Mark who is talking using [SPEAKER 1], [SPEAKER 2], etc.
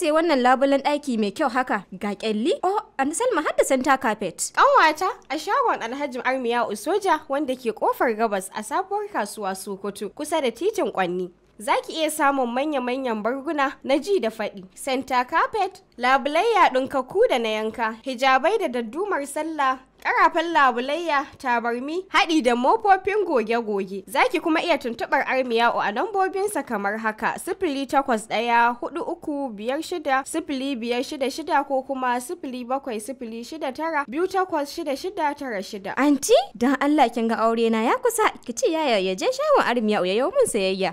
[SPEAKER 1] sai wannan labulen ɗaki mai kyau haka ga kyalli? Oh, a Salma har santa carpet. Ƙanwata a shagon Alhaji Armiya Usoja wanda ke kofar gabas a sabuwar kasuwa Sokoto kusa da titin Kwanni. za ki iya samun manya-manyan barguna na ji da faɗi, santa carpet, labulayya ɗinkaku da na yanka, hijabai da daddumar sallah, ƙarafan labulayya, tabarmi, haɗi da mofofin goge-goge. Za ki kuma iya tuntuɓar armiya a lambobinsa kamar haka, sifili takwas ɗaya, hudu uku, biyar shida, sifili biyar shida shida ko kuma sifili bakwai sifili shida tara, biyu takwas shida shida tara shida.
[SPEAKER 2] Anti, don Allah kin ga aure na ya kusa, ki ce yaya ya je shawon
[SPEAKER 3] armiya ya yau mun sayayya.